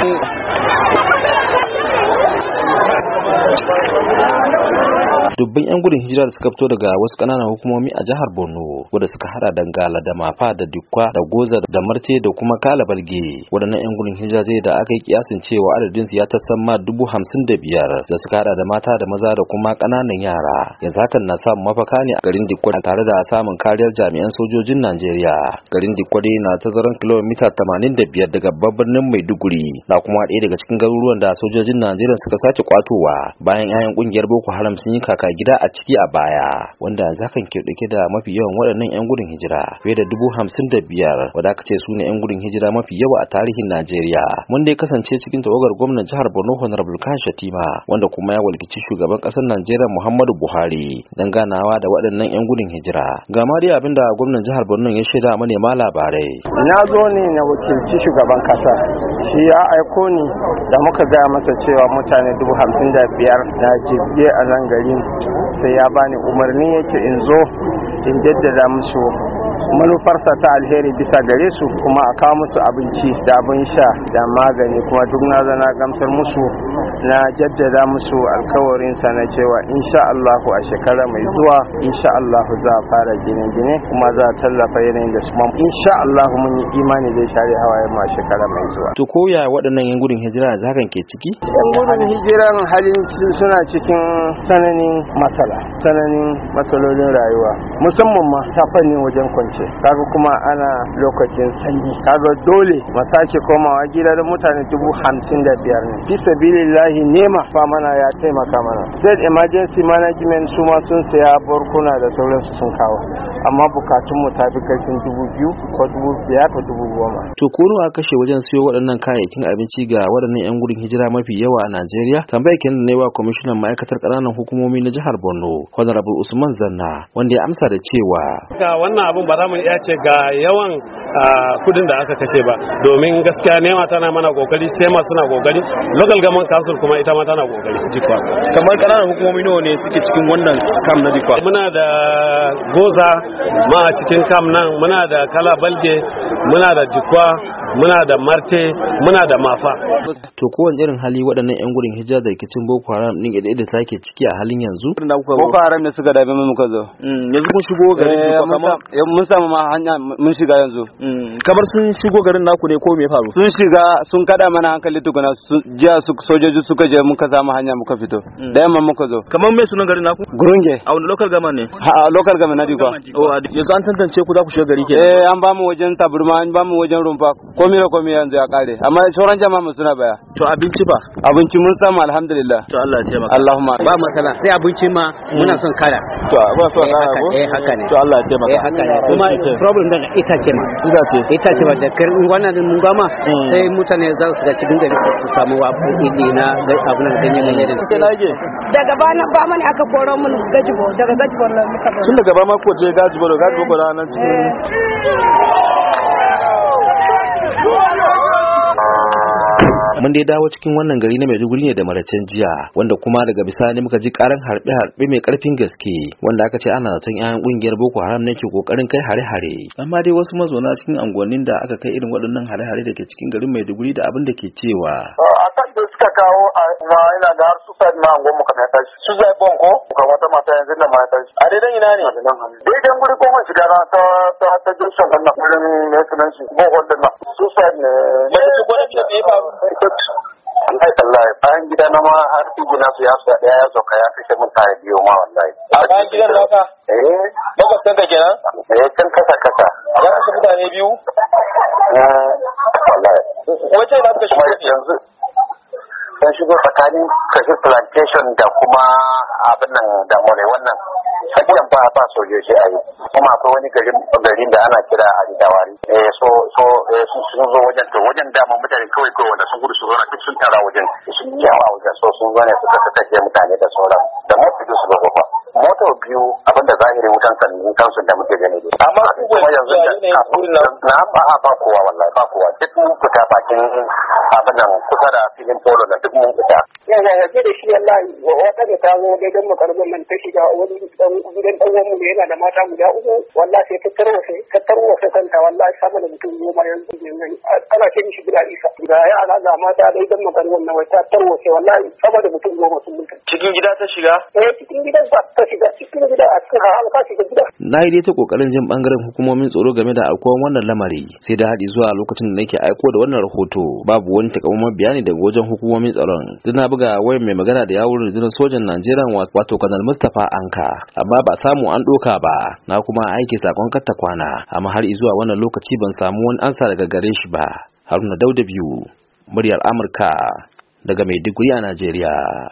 Thank you. dubban yan gudun hijira da suka fito daga wasu ƙananan hukumomi a jihar Borno wanda suka hada da Ngala da Mafa da Dikwa da Goza da Marte da kuma Kala Balge waɗannan yan gudun hijira zai da aka yi kiyasin cewa adadin su ya tasamma dubu hamsin da biyar da suka hada da mata da maza da kuma ƙananan yara yanzu hakan na samun mafaka ne a garin Dikwa tare da samun kariyar jami'an sojojin Najeriya garin Dikwa dai na tazaran kilomita 85 daga babban Maiduguri na kuma ɗaya daga cikin garuruwan da sojojin Najeriya suka sake kwatowa bayan 'ya'yan kungiyar Boko Haram sun yi kaka gida a ciki a baya wanda zakan ke dauke da mafi yawan waɗannan 'yan gudun hijira fiye da dubu hamsin da biyar aka ce su ne 'yan gudun hijira mafi yawa a tarihin Najeriya mun dai kasance cikin tawagar gwamnan jihar Borno Honorable Kan Shatima wanda kuma ya walkici shugaban ƙasar Najeriya Muhammadu Buhari dan ganawa da waɗannan 'yan gudun hijira ga ma dai abinda gwamnan jihar Borno ya shaida ma labarai na zo ne na wakilci shugaban ƙasa shi ya aiko ni da muka gaya masa cewa mutane dubu hamsin da biyar na a nan garin sai ya bani umarni yake in zo in jaddada musu manufarsa ta alheri bisa gare su kuma a kawo musu abinci da abin sha da magani kuma duk na zana gamsar musu na jaddada musu alkawarinsa na cewa insha Allah a shekara mai zuwa insha Allah za a fara gine-gine kuma za a tallafa yanayin da su mamu insha Allah mun yi imani zai share hawaye a shekara mai zuwa. To ko ya waɗannan yan gudun hijira da ke ciki? Yan gudun hijiran halin suna cikin tsananin matsala, tsananin matsalolin rayuwa musamman ma ta fanni wajen kwance. Kaga kuma ana lokacin sanyi. Kaga dole masace komawa gida da mutane dubu hamsin da biyar ne. Fi sabilillahi wallahi nema fa mana ya taimaka mana state emergency management su ma sun saya barkuna da sauransu sun kawo amma bukatunmu ta fi karshen dubu biyu ko dubu biyar ko dubu goma. to ko nawa kashe wajen siyo waɗannan kayayyakin abinci ga waɗannan yan gudun hijira mafi yawa a najeriya tambaya kenan ne wa kwamishinan ma'aikatar ƙananan hukumomi na jihar borno honorable usman zanna wanda ya amsa da cewa. ga wannan abin ba za mu iya ce ga yawan a kudin da aka kashe ba domin gaskiya nema tana mana kokari sema suna kokari local government council kuma ita ma tana kokari jikwa kamar kananan hukumomi nawa ne suke cikin wannan kam na jikwa muna da goza ma a cikin kam nan muna da kala balde muna da jikwa muna da marte muna da mafa to kowane irin hali waɗannan yan gurin hijira da rikicin boko haram din da da take ciki a halin yanzu boko haram ne suka dabe muka zo mm, yanzu kun shigo garin eh, eh, mun samu ma hanya mun shiga yanzu mm, kamar sun shigo garin naku ne ko me faru sun shiga sun kada mana hankali tukuna jiya su sojoji suka je muka samu hanya muka fito mm. da yamma muka zo kamar me sunan garin naku gurunge a wani local gama ne a local gama na dikwa oh, yanzu an tantance ku za ku shiga gari ke eh an ba mu wajen taburma an ba mu wajen rumfa komi da komi yanzu ya kare amma sauran jama'a mun suna baya to abinci ba abinci mun samu alhamdulillah to Allah ya taimaka Allahumma ba matsala sai abinci ma muna son kara to ba so eh, kara ko eh haka ne to Allah ya taimaka eh haka ne kuma problem da ita ce ma ita ce ita ce ba da kar wannan mun gama hmm. sai mutane za su ga cikin da su samu abu idi na da abun da ganye ne da sai lage daga bana ba mani aka koro mun gajibo daga gajibo tun daga ba ma ko je gajibo gajibo ko da nan cikin eh. mun dai dawo cikin wannan gari na Maiduguri ne da maracen jiya wanda kuma daga bisani muka ji karan harbe harbe mai karfin gaske wanda aka ce ana zaton yayan kungiyar Boko Haram ne ke kokarin kai hare hare amma dai wasu mazauna cikin anguwannin da aka kai irin waɗannan hare hare da ke cikin garin Maiduguri da abin da ke cewa da suka kawo a ina da har su sa na angon muka ta tashi su zai bon ko muka wata mata yanzu da mata tashi a daidan ina ne daidan guri ko mun shiga ta ta ta jinsan wannan gurin ne sunan shi bohol din nan su sa ne bayan gida na ma har tugu na su ya su daya ya sauka ya kashe mutane biyu ma wallahi. A bayan gidan naka? Eh. ka kenan? Eh kasa kasa. Ya kashe mutane biyu? Eh. Wallahi. Wace da shi yanzu? sun shigo tsakanin kashi plantation da kuma abin nan da mure wannan sakiyan ba ba sojoji a yi kuma akwai wani garin da ana kira a dawari eh, so so eh, sun zo wajen to wajen dama mutane kawai kawai wanda sun gudu su zona duk sun tara wajen sun yawa wajen so sun zo ne suka tattace mutane da sauran da mafi su ba Motar biyu abin da zahiri wuta ne kansu da muke gani dai amma kuma yanzu na ba a ba kowa wallahi ba kowa duk mun fita bakin abin nan kusa da filin polo na duk mun fita ya ya ya da shi wallahi wata da ta zo gidan mu karbin nan ta shiga wani gidan dan uwan mu yana da mata guda uku wallahi sai ta sai ta tarwa Allah ya samu da mutum goma yanzu yanzu ana ce mishi bila isa da ya ana ga mata dai dan magan wannan wata tarwace wallahi sama da mutum goma sun mutu cikin gida ta shiga eh cikin gida ba ta shiga cikin gida a cikin ta shiga gida na yi dai ta kokarin jin bangaren hukumomin tsaro game da akwai wannan lamari sai da haɗi zuwa lokacin da nake aiko da wannan rahoto babu wani takamaiman bayani daga wajen hukumomin tsaron duk buga wayan mai magana da yawun rundunar sojan Najeriya wato Kanal Mustapha Anka amma ba samu an ɗoka ba na kuma aiki sakon katta kwana amma har zuwa wannan lokaci ban samu wani ansa daga gare shi ba haruna dauda biyu muryar amurka daga maiduguri a najeriya